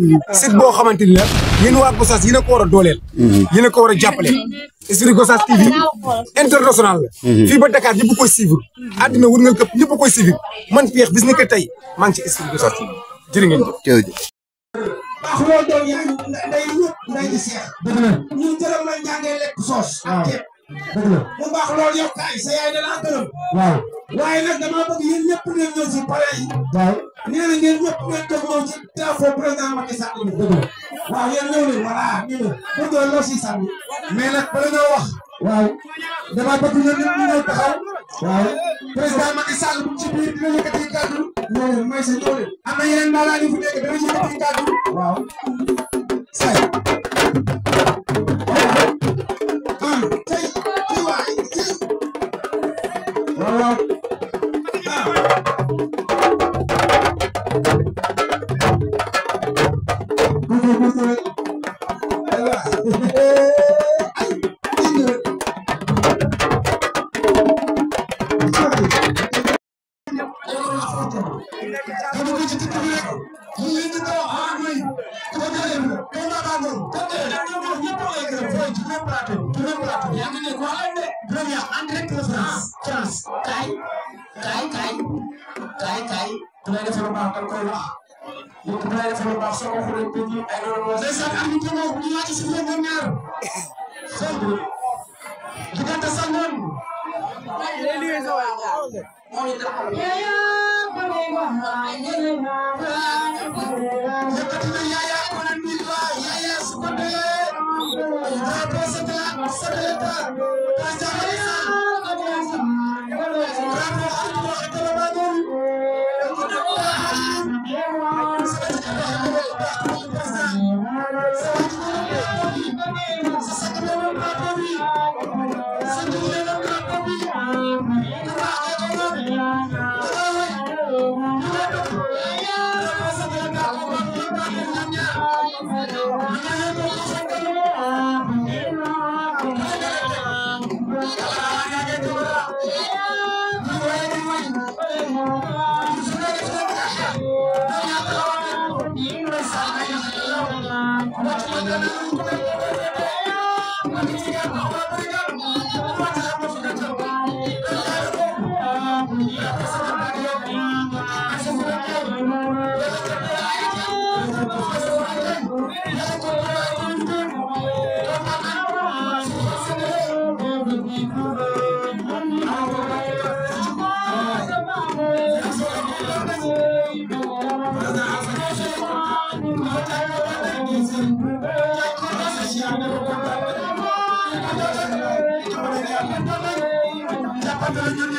Mmh. site boo xamante ni la yéen waa Gossas yéen a ko war a dooleel. Mmh. yéen a ko war a jàppale. esprit mmh. Gossas TV international la. fii ba Dakar ñëpp koy suivre. àddina wër nga këpp ñëpp koy suivre man Pekh bis ni que ci esprit Gossas TV jërë ngeen jëf. dëgg la mu baax loolu yow kaay sa yaay da laa gërëm. waaw waaye nag damaa bëgg yéen ñëpp ngeen ñëw si pare yi. waaw nee na ngeen ñëpp ngeen toog moom ci drapeau président Macky Sall bi. dëgg la waaw yéen ñëw leen voilà ñu ne pour que loo siy sànni. mais nag bala nga wax. waaw damaa bëgg ñun ñëpp ñu ñëw taxaw. waaw président Macky Sall bu ci biir dina yëkkati kàddu. ñëw leen may sa ñëw leen. am na yeneen ndaalaay yu fi nekk dana yëkkati kàddu. waaw. tayi tayi dina defal lu baax dal koy wax mu dina defal lu baax soo waxulee déglu ay loolu moo ndeysaan am ñu ko wax bu ñu wàcc si ya ya, ya xëy ya ya, sangoon yëkkati na ya, ya bi la yaaya su ko dee I'm gonna Yeah.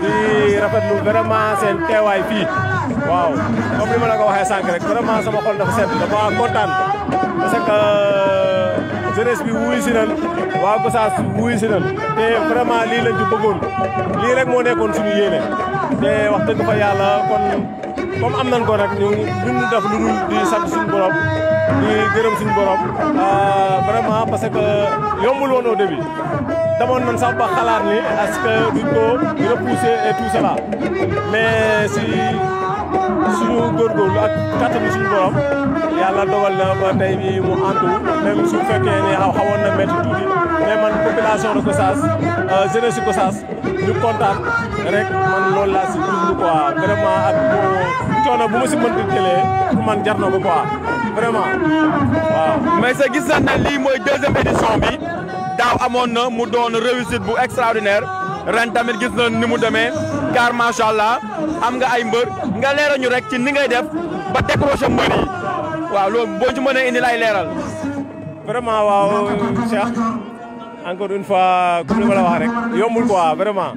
di rafetlu vraiment seen teewaay fii waaw comme ni ma la ko waxee sànq rek vraiment sama xol dafa sedd dama kontaan parce que euh, jeunesse bi wuy si nan waa Gossas wuy si nan te vraiment lii la ci bëggoon lii rek moo nekkoon suñu yéene te wax dëgg fa yàlla kon comme am nañ ko nag ñu ñu def lu dul di sant suñu borom di gërëm suñu borom euh, vraiment parce que yombul woon au début demoon nañ sax ba xalaat ni est-ce que duñ ko repousser et si suñu góorgóorlu ak kattanu suñu borom yàlla na ba bi mu antu même su fekkee ne xawoon na métti tuuti mais man population de Gossas euh, jeunesse Gossas ñu kontaan rek man loolu laa si jublu quoi vraiment ak coono bu ma si mënti jëlee pour man jar na ko quoi vraiment waaw. mais sa gis nañ ne lii mooy deuxième édition bi daaw amoon na mu doon réussite bu extraordinaire ren tamit gis na ni mu demee car macha allah am nga ay mbër nga leeral ñu ci ni ngay def ba décrocher mbër yi waaw loolu boo ci mënee indil ay leeral. vraiment waaw Cheikh. encore une fois comme li la wax rek yombul quoi vraiment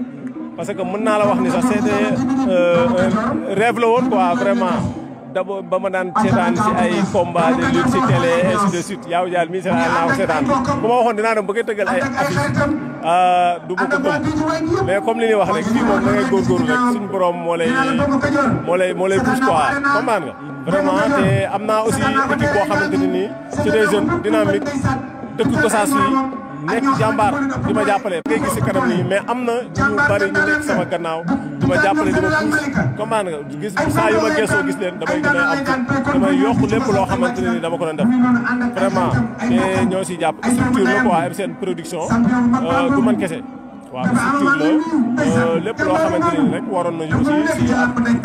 parce que mën na la wax ni sax c'était un eh, eh, rêve la won quoi vraiment d'abord ba ma daan seetaan si ay combat de lutte ci télé et eh, de suite yaw jaal mii seetaan naa ko seetaan bu ma waxoon dinaa dem bëgg a ay euh du bu ko gëm mais comme li ni ah, wax rek fii mom ngay gor gor rek suñu borom mo lay mo lay mo lay pousse quoi comprendre nga vraiment et amna aussi équipe boo xamanteni ni ci des jeunes dynamiques dëkk sa fii nekk jàmbaar di ma jàppale. ngay gis si kanam nii mais am na ñu bari ñu nekk sama gannaaw di ma jàppale di ma puus comment nga gis saa yu ma geesoo gis leen damay a am damay yokk lépp loo xamante ne nii dama ko a def vraiment te ñoo si jàpp structure la quoi MCN production euh, du man kese. waaw surtout la euh, lépp loo xamante ni rek waroon nañu si si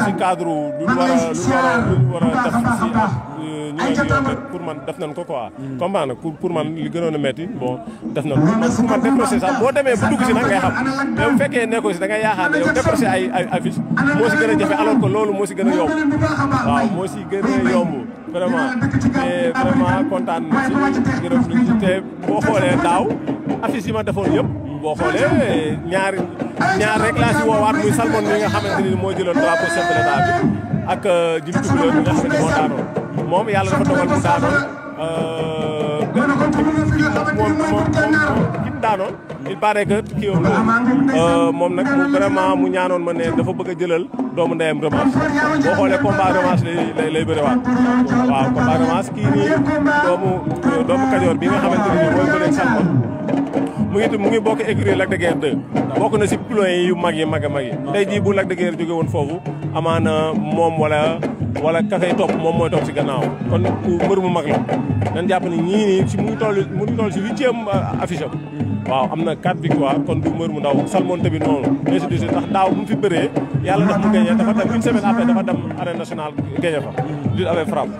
si cadre lu war a lu war a lu war a def si Kurman man def nañ kurman quoi comprendre bon def Kurman ko pour man décroché sax boo demee bu dugg si nag ngay xam mais bu fekkee nekkoo si da nga yaakaar ne yow décroché ay ay affiche moo si gën a jafe alors que loolu moo si gën a yomb waaw moo si gën a yomb vraiment et vraiment kontaan ak jim tubuloon mi nga xamante moom yàlla dafa dogal mu daanoo. gën a moom moom moom ki daanoo. il paraît que kii woon loolu euh, moom nag mu vraiment mu ñaanoon ma ne dafa bëgg a jëlal doomu ndeyam revanche boo xoolee combat revanche lay lay lay bëriwaat waaw combat revanche kii nii doomu doomu kajoor bi nga xamante ne nii mooy bëreeg mu ngi mu ngi bokk écurie Lac de Guiers 2 na si yu mag yi mag a mag yi tey jii bu Lac de Guiers woon foofu amaana moom wala wala kafee topp moom mooy topp si gannaaw kon ku mbër mu mag la dañ jàpp ne ñii si mu ngi mu ngi si huitième euh, affiche waaw am na 4 victoires kon du mbër mu ndaw Salmon tamit noonu ainsi de suite ndax daaw bu mu fi bëree yàlla daf mu gagné dafa dem une semaine après dafa dem arène nationale gagné fa lutte avec frappe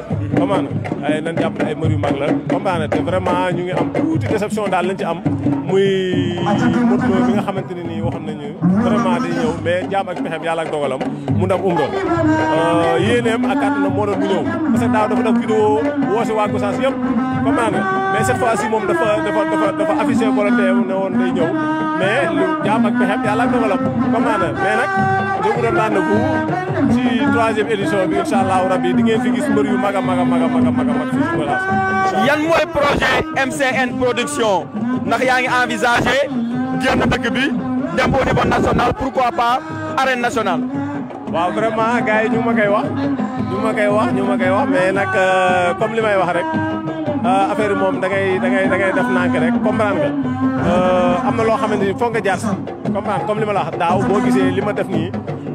amaana ay nañ jàpp ay mbër yu mag la amaana te vraiment ñu ngi am tuuti déception daal lañ ci am muy Modou Lo nga xamante ne nii waxoon nañu vraiment day ñëw mais jaam ak pexeem yàlla ak dogalam mu ndam umra euh, yéeneem ak kàttanam moo doon mu ñëw parce que daaw dafa def vidéo woose waa Gossas yëpp amaana mais cette fois ci moom dafa dafa dafa dafa affiché ne woon day ñëw mais lu jaam ak pexem yàlla ak dogalam comprendre mais nag jëmu doon naan na bu ci troisième édition bi incha allahu rabi di ngeen fi gis mbër yu mag a mag a mag a mag a mag a mag fii voilà yan mooy projet MCN production ndax yaa ngi envisagé génn dëkk bi dem au niveau national pourquoi pas arène nationale waaw vraiment gars yi ñu ma koy wax ñu ma koy wax ñu ma koy wax mais nag euh, comme li may wax rek Euh, affaire yi moom da ngay da ngay da ngay def nànk rek euh, am na loo xamante ni foog nga jaar si comprendre comme li ma la wax daaw boo gisee li ma def nii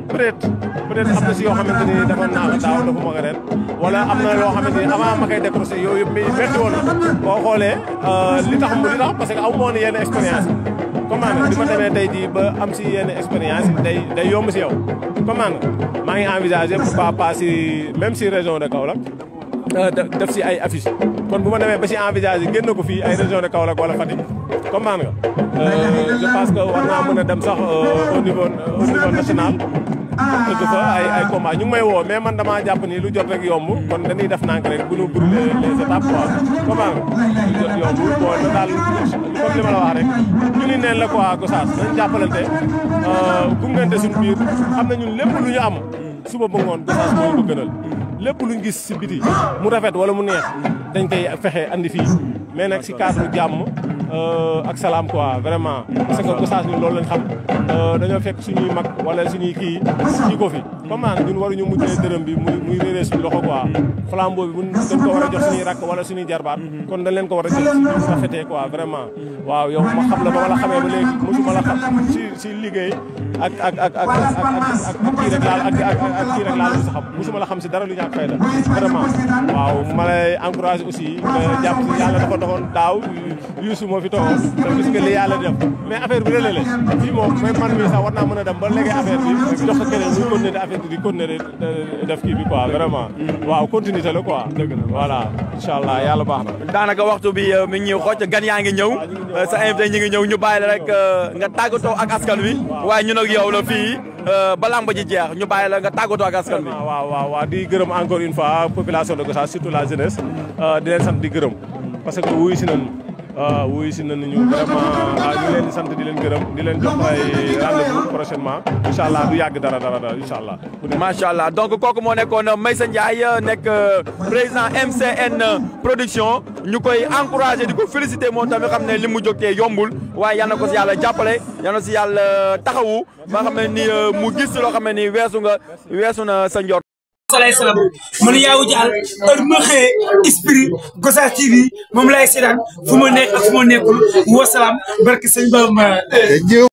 peut être peut être am na si yoo xamante ni dafa naaw daaw dafa ma ko ren am na loo xamante ni avant ma koy décroché yooyu yëpp mi métti woon na boo xoolee euh, li tax mu li tax parce que amu ma woon yenn expérience comprendre bi ma demee tey jii ba am si yenn expérience day day yomb si yow comprendre maa ngi envisagé pour pas pas si même si région de Kaolack Euh, def si ay affiche kon bu ma demee ba si envisage génn ko fii ay région de Kaolack wala Fatick comprendre nga euh, je pense que na naa mën a dem sax euh, ay ay ñu may woo mais man damaa jàpp ni lu jot rek yomb kon dañuy def nànk rek bu ñu brûler les étapes quoi comment lu jot yomb bon na daal comme li ma la wax rek ñu ni neen la quoi Gossas dañ jàppalante gungante suñu biir xam na ñun lépp lu ñu am suba ba ngoon Gossas mooy ko gënal lépp luñ gis si mu rafet wala mu neex dañ koy fexe andi fi mais nag si cadre jàmm euh, ak salaam quoi vraiment parce que Gossas ñun loolu lañ xam euh, dañoo fekk suñuy mag wala suñuy kii ci ko fi comprendre ah, ñun waruñu mujjee dërëm bi muy muy réeree suñu loxo quoi flambeau bi mun dañ ko war a jox suñuy rakk wala suñuy jarbaat kon dañ leen ko war a jox suñu rafetee quoi vraiment waaw yow ma xam la ba ma la xamee ba léegi mosuma la xam si si liggéey ak ak ak ak ak kii rek laal ak ak xam musuma la xam si dara lu ñàkk fayda vraiment waaw ma lay encouragé aussi nga jàpp si yàlla dafa doxoon daaw Youssou moo fi toogoon te gis nga li yàlla def mais affaire bi relai la fii moom mooy man mii sax war mën a dem ba léegi affaire bi jox ko keneen muy continuer di di continuer def kii bi quoi vraiment waaw continuité la quoi dëgg la voilà incha allah yàlla baax na daanaka waxtu bi euh, mi ngi ñëw xocc yaa ngi ñëw euh, sa invité ñi ngi ñëw ñu bàyyi la rek euh, nga tàggatoo ñun ak yow la fii euh, ba làmb ñu bàyyi la nga tàggatoo ak askan bi. waaw waaw waaw di gërëm encore une fois population de Gossas surtout la jeunesse euh, di leen sant di gërëm parce que wuyu si nañu Ah, wuyu si nañu vraiment ah, ñu leen di sant di leen gërëm di leen jox ay rendez prochainement incha allah du yàgg dara dara dara incha macha allah donc kooku moo nekkoon Meissa Ndiaye nekk euh, président MCN production ñu koy encouragé di ko félicité moom tamit xam ne li mu jógtee yombul waaye yal na ko si yàlla jàppale yana si yàlla taxawu ba xam ne ni euh, mu gis loo xam ne nii weesu nga weesu na sa njort. salaay salaam man yaa wu jaal heure ma xëyee esprit Gossas TV moom a seetaan fu ma nekk ak ma nekkul